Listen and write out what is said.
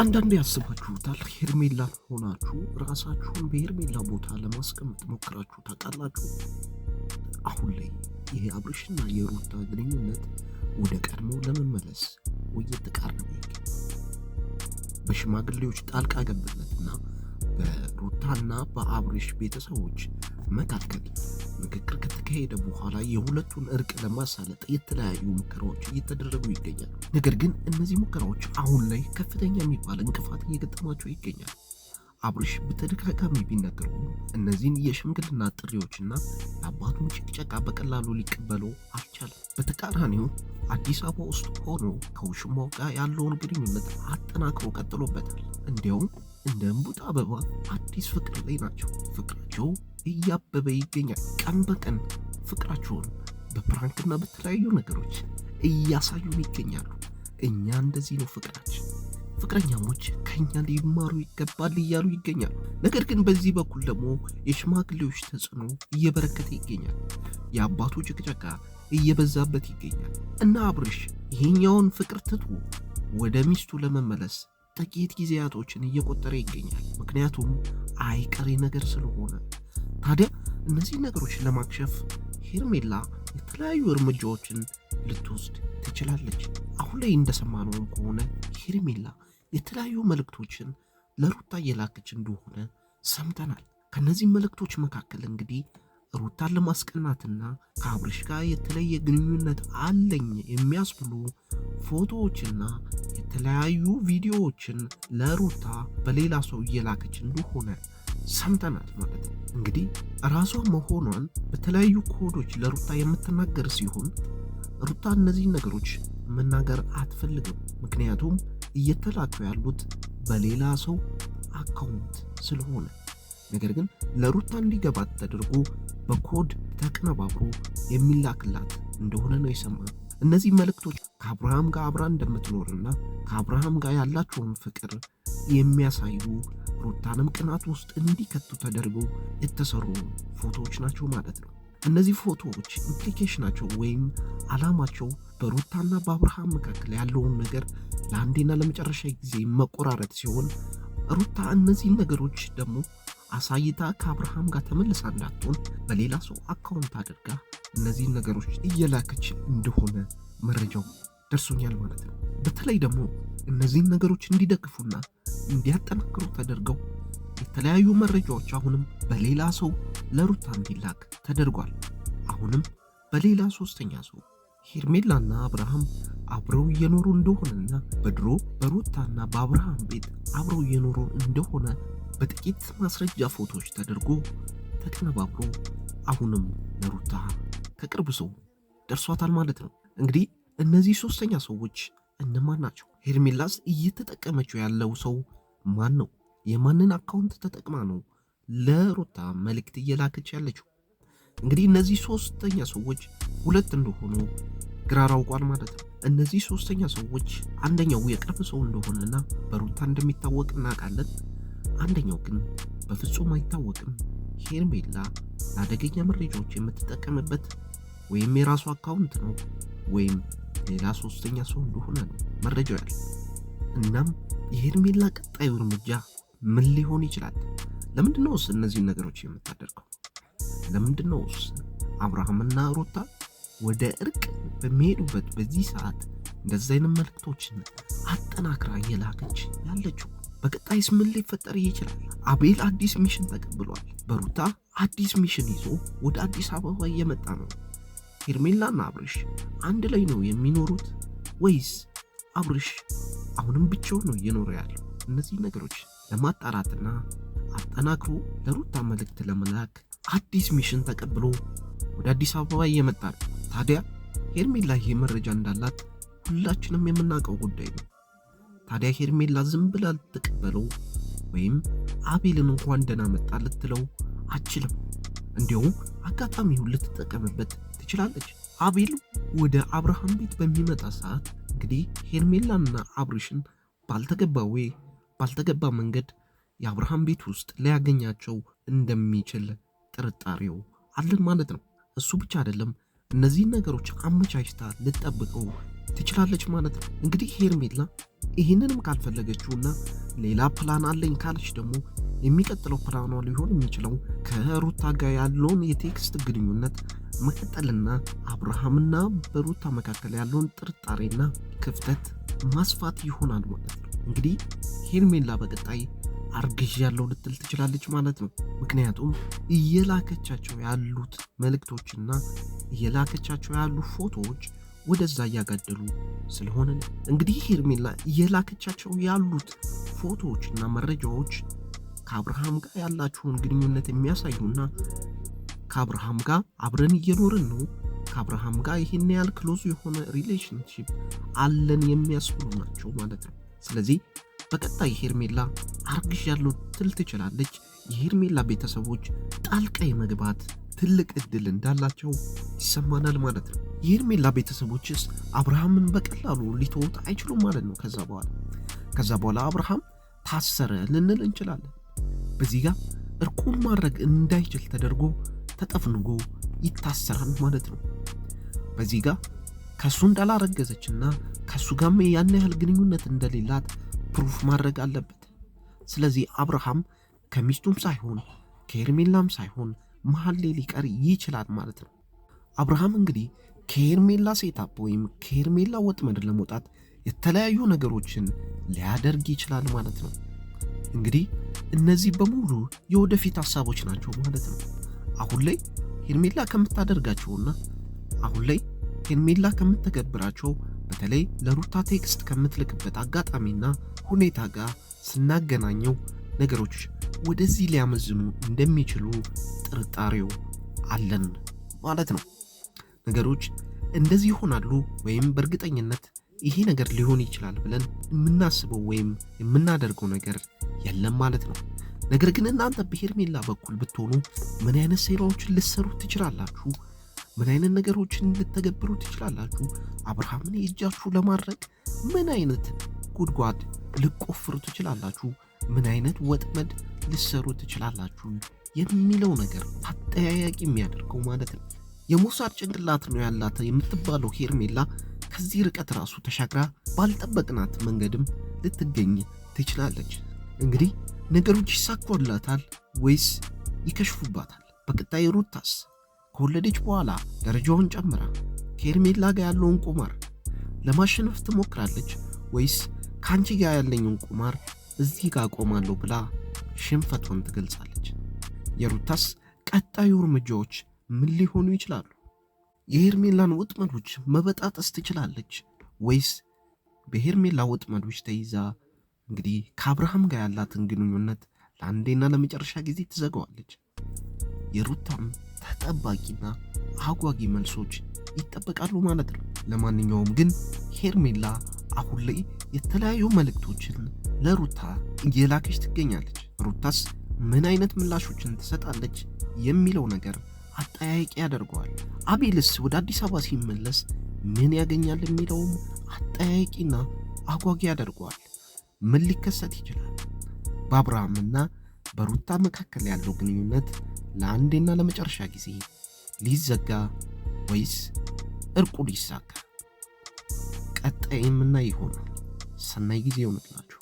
አንዳንድ ያስባችሁታል። ሄርሜላ ሆናችሁ ራሳችሁን በሄርሜላ ቦታ ለማስቀመጥ ሞክራችሁ ታውቃላችሁ? አሁን ላይ ይህ አብርሽና የሩታ ግንኙነት ወደ ቀድሞ ለመመለስ እየተቃረበ ይገኛል። በሽማግሌዎች ጣልቃ ገብነትና በሩታና በአብርሽ ቤተሰቦች መካከል ምክክር ከተካሄደ በኋላ የሁለቱን እርቅ ለማሳለጥ የተለያዩ ሙከራዎች እየተደረጉ ይገኛል። ነገር ግን እነዚህ ሙከራዎች አሁን ላይ ከፍተኛ የሚባል እንቅፋት እየገጠማቸው ይገኛል። አብርሽ በተደጋጋሚ ቢነገሩ እነዚህን የሽምግልና ጥሪዎችና የአባቱን ጭቅጨቃ በቀላሉ ሊቀበሉ አልቻለም። በተቃራኒው አዲስ አበባ ውስጥ ሆኖ ከውሽማው ጋር ያለውን ግንኙነት አጠናክሮ ቀጥሎበታል። እንዲያውም እንደ እምቡጥ አበባ አዲስ ፍቅር ላይ ናቸው። ፍቅራቸው እያበበ ይገኛል። ቀን በቀን ፍቅራቸውን በፕራንክና በተለያዩ ነገሮች እያሳዩን ይገኛሉ። እኛ እንደዚህ ነው ፍቅራችን፣ ፍቅረኛሞች ከኛ ሊማሩ ይገባል እያሉ ይገኛሉ። ነገር ግን በዚህ በኩል ደግሞ የሽማግሌዎች ተጽዕኖ እየበረከተ ይገኛል። የአባቱ ጭቅጨቃ እየበዛበት ይገኛል እና አብርሽ ይህኛውን ፍቅር ትቶ ወደ ሚስቱ ለመመለስ ጥቂት ጊዜያቶችን እየቆጠረ ይገኛል። ምክንያቱም አይቀሬ ነገር ስለሆነ ታዲያ እነዚህ ነገሮችን ለማክሸፍ ሄርሜላ የተለያዩ እርምጃዎችን ልትወስድ ትችላለች። አሁን ላይ እንደሰማነውም ከሆነ ሄርሜላ የተለያዩ መልእክቶችን ለሩታ እየላከች እንደሆነ ሰምተናል። ከነዚህ መልእክቶች መካከል እንግዲህ ሩታን ለማስቀናትና ከአብርሽ ጋር የተለየ ግንኙነት አለኝ የሚያስብሉ ፎቶዎችና የተለያዩ ቪዲዮዎችን ለሩታ በሌላ ሰው እየላከች እንደሆነ ሰምተናል ማለት ነው። እንግዲህ ራሷ መሆኗን በተለያዩ ኮዶች ለሩታ የምትናገር ሲሆን ሩታ እነዚህ ነገሮች መናገር አትፈልግም። ምክንያቱም እየተላኩ ያሉት በሌላ ሰው አካውንት ስለሆነ፣ ነገር ግን ለሩታ እንዲገባት ተደርጎ በኮድ ተቀነባብሮ የሚላክላት እንደሆነ ነው የሰማነው። እነዚህ መልእክቶች ከአብርሃም ጋር አብራ እንደምትኖርና ከአብርሃም ጋር ያላቸውን ፍቅር የሚያሳዩ ሩታንም ቅናት ውስጥ እንዲከቱ ተደርገው የተሰሩ ፎቶዎች ናቸው ማለት ነው። እነዚህ ፎቶዎች ኢምፕሊኬሽናቸው ወይም ዓላማቸው በሩታና በአብርሃም መካከል ያለውን ነገር ለአንዴና ለመጨረሻ ጊዜ መቆራረጥ ሲሆን ሩታ እነዚህን ነገሮች ደግሞ አሳይታ ከአብርሃም ጋር ተመልሳ እንዳትሆን በሌላ ሰው አካውንት አድርጋ እነዚህን ነገሮች እየላከች እንደሆነ መረጃው ደርሶኛል ማለት ነው። በተለይ ደግሞ እነዚህን ነገሮች እንዲደግፉና እንዲያጠናክሩ ተደርገው የተለያዩ መረጃዎች አሁንም በሌላ ሰው ለሩታ እንዲላክ ተደርጓል። አሁንም በሌላ ሶስተኛ ሰው ሄርሜላና አብርሃም አብረው እየኖሩ እንደሆነና በድሮ በሩታና በአብርሃም ቤት አብረው እየኖሩ እንደሆነ በጥቂት ማስረጃ ፎቶዎች ተደርጎ ተቀነባብሮ አሁንም ለሩታ ከቅርብ ሰው ደርሷታል ማለት ነው። እንግዲህ እነዚህ ሶስተኛ ሰዎች እነማን ናቸው? ሄርሜላስ እየተጠቀመችው ያለው ሰው ማን ነው? የማንን አካውንት ተጠቅማ ነው ለሩታ መልእክት እየላከች ያለችው? እንግዲህ እነዚህ ሶስተኛ ሰዎች ሁለት እንደሆኑ ግራ አውቋል ማለት ነው። እነዚህ ሶስተኛ ሰዎች አንደኛው የቅርብ ሰው እንደሆነና በሩታ እንደሚታወቅ እናውቃለን። አንደኛው ግን በፍጹም አይታወቅም። ሄርሜላ ለአደገኛ መረጃዎች የምትጠቀምበት ወይም የራሱ አካውንት ነው ወይም ሌላ ሶስተኛ ሰው እንደሆነ ነው መረጃው ያለ። እናም የሄርሜላ ቀጣዩ እርምጃ ምን ሊሆን ይችላል? ለምንድነውስ እነዚህን ነገሮች የምታደርገው? ለምንድነውስ አብርሃምና ሩታ ወደ እርቅ በሚሄዱበት በዚህ ሰዓት እንደዚህ አይነት መልእክቶችን አጠናክራ እየላከች ያለችው? በቀጣይስ ምን ሊፈጠር ይችላል? አቤል አዲስ ሚሽን ተቀብሏል። በሩታ አዲስ ሚሽን ይዞ ወደ አዲስ አበባ እየመጣ ነው። ሄርሜላና አብርሽ አንድ ላይ ነው የሚኖሩት ወይስ አብርሽ አሁንም ብቻው ነው እየኖረ ያለው? እነዚህ ነገሮች ለማጣራትና አጠናክሮ ለሩታ መልእክት ለመላክ አዲስ ሚሽን ተቀብሎ ወደ አዲስ አበባ እየመጣ ነው። ታዲያ ሄርሜላ ይህ መረጃ እንዳላት ሁላችንም የምናውቀው ጉዳይ ነው። ታዲያ ሄርሜላ ዝም ብላ ልትቀበለው ወይም አቤልን እንኳን ደህና መጣ ልትለው አችልም። እንዲሁም አጋጣሚውን ልትጠቀምበት ትችላለች። አቤል ወደ አብርሃም ቤት በሚመጣ ሰዓት እንግዲህ ሄርሜላና አብርሽን ባልተገባ ወይ ባልተገባ መንገድ የአብርሃም ቤት ውስጥ ሊያገኛቸው እንደሚችል ጥርጣሬው አለን ማለት ነው። እሱ ብቻ አይደለም፣ እነዚህን ነገሮች አመቻችታ ልጠብቀው ትችላለች ማለት ነው። እንግዲህ ሄርሜላ ይህንንም ካልፈለገችውና ሌላ ፕላን አለኝ ካለች ደግሞ የሚቀጥለው ፕላኗ ሊሆን የሚችለው ከሩታ ጋር ያለውን የቴክስት ግንኙነት መቀጠልና አብርሃምና በሩታ መካከል ያለውን ጥርጣሬና ክፍተት ማስፋት ይሆናል ማለት ነው። እንግዲህ ሄርሜላ በቀጣይ አርግዥ ያለው ልትል ትችላለች ማለት ነው። ምክንያቱም እየላከቻቸው ያሉት መልእክቶችና እየላከቻቸው ያሉ ፎቶዎች ወደዛ እያጋደሉ ስለሆነ እንግዲህ ሄርሜላ እየላከቻቸው ያሉት ፎቶዎችና መረጃዎች ከአብርሃም ጋር ያላችሁን ግንኙነት የሚያሳዩና ከአብርሃም ጋር አብረን እየኖርን ነው፣ ከአብርሃም ጋር ይህን ያህል ክሎዙ የሆነ ሪሌሽንሽፕ አለን የሚያስብሉ ናቸው ማለት ነው። ስለዚህ በቀጣይ ሄርሜላ ያለው ትል ትችላለች። የሄርሜላ ቤተሰቦች ጣልቃ መግባት ትልቅ እድል እንዳላቸው ይሰማናል ማለት ነው። የሄርሜላ ቤተሰቦችስ አብርሃምን በቀላሉ ሊተውት አይችሉም ማለት ነው። ከዛ በኋላ ከዛ በኋላ አብርሃም ታሰረ ልንል እንችላለን። በዚህ ጋር እርቁም ማድረግ እንዳይችል ተደርጎ ተጠፍንጎ ይታሰራል ማለት ነው። በዚህ ጋር ከእሱ እንዳላረገዘችና ከእሱ ጋም ያን ያህል ግንኙነት እንደሌላት ፕሩፍ ማድረግ አለበት። ስለዚህ አብርሃም ከሚስቱም ሳይሆን ከሄርሜላም ሳይሆን መሀል ላይ ሊቀር ይችላል ማለት ነው። አብርሃም እንግዲህ ከሄርሜላ ሴታፕ ወይም ከሄርሜላ ወጥመድ ለመውጣት የተለያዩ ነገሮችን ሊያደርግ ይችላል ማለት ነው። እንግዲህ እነዚህ በሙሉ የወደፊት ሀሳቦች ናቸው ማለት ነው። አሁን ላይ ሄርሜላ ከምታደርጋቸውና አሁን ላይ ሄርሜላ ከምትገብራቸው በተለይ ለሩታ ቴክስት ከምትልክበት አጋጣሚና ሁኔታ ጋር ስናገናኘው ነገሮች ወደዚህ ሊያመዝኑ እንደሚችሉ ጥርጣሬው አለን ማለት ነው። ነገሮች እንደዚህ ይሆናሉ ወይም በእርግጠኝነት ይሄ ነገር ሊሆን ይችላል ብለን የምናስበው ወይም የምናደርገው ነገር የለም ማለት ነው። ነገር ግን እናንተ በሄርሜላ በኩል ብትሆኑ ምን አይነት ሴራዎችን ልትሰሩ ትችላላችሁ? ምን አይነት ነገሮችን ልተገብሩ ትችላላችሁ? አብርሃምን የእጃችሁ ለማድረግ ምን አይነት ጉድጓድ ልቆፍሩ ትችላላችሁ? ምን አይነት ወጥመድ ልሰሩ ትችላላችሁ የሚለው ነገር አጠያያቂ የሚያደርገው ማለት ነው። የሞሳድ ጭንቅላት ነው ያላት የምትባለው ሄርሜላ ከዚህ ርቀት ራሱ ተሻግራ ባልጠበቅናት መንገድም ልትገኝ ትችላለች። እንግዲህ ነገሮች ይሳኮላታል ወይስ ይከሽፉባታል? በቀጣይ ሩታስ ከወለደች በኋላ ደረጃውን ጨምራ ከሄርሜላ ጋር ያለውን ቁማር ለማሸነፍ ትሞክራለች ወይስ ከአንቺ ጋር ያለኝን ቁማር እዚህ ጋር ቆማለሁ ብላ ሽንፈቱን ትገልጻለች። የሩታስ ቀጣዩ እርምጃዎች ምን ሊሆኑ ይችላሉ? የሄርሜላን ወጥመዶች መበጣጠስ ትችላለች ወይስ በሄርሜላ ወጥመዶች ተይዛ እንግዲህ ከአብርሃም ጋር ያላትን ግንኙነት ለአንዴና ለመጨረሻ ጊዜ ትዘጋዋለች? የሩታም ተጠባቂና አጓጊ መልሶች ይጠበቃሉ ማለት ነው። ለማንኛውም ግን ሄርሜላ አሁን ላይ የተለያዩ መልእክቶችን ለሩታ እየላከች ትገኛለች። ሩታስ ምን አይነት ምላሾችን ትሰጣለች የሚለው ነገር አጠያያቂ ያደርገዋል። አቤልስ ወደ አዲስ አበባ ሲመለስ ምን ያገኛል የሚለውም አጠያያቂና አጓጊ ያደርገዋል። ምን ሊከሰት ይችላል? በአብርሃምና በሩታ መካከል ያለው ግንኙነት ለአንዴና ለመጨረሻ ጊዜ ሊዘጋ ወይስ እርቁ ሊሳካ? ቀጣይ የምናይ ይሆናል። ሰናይ ጊዜ ይሆንላችሁ።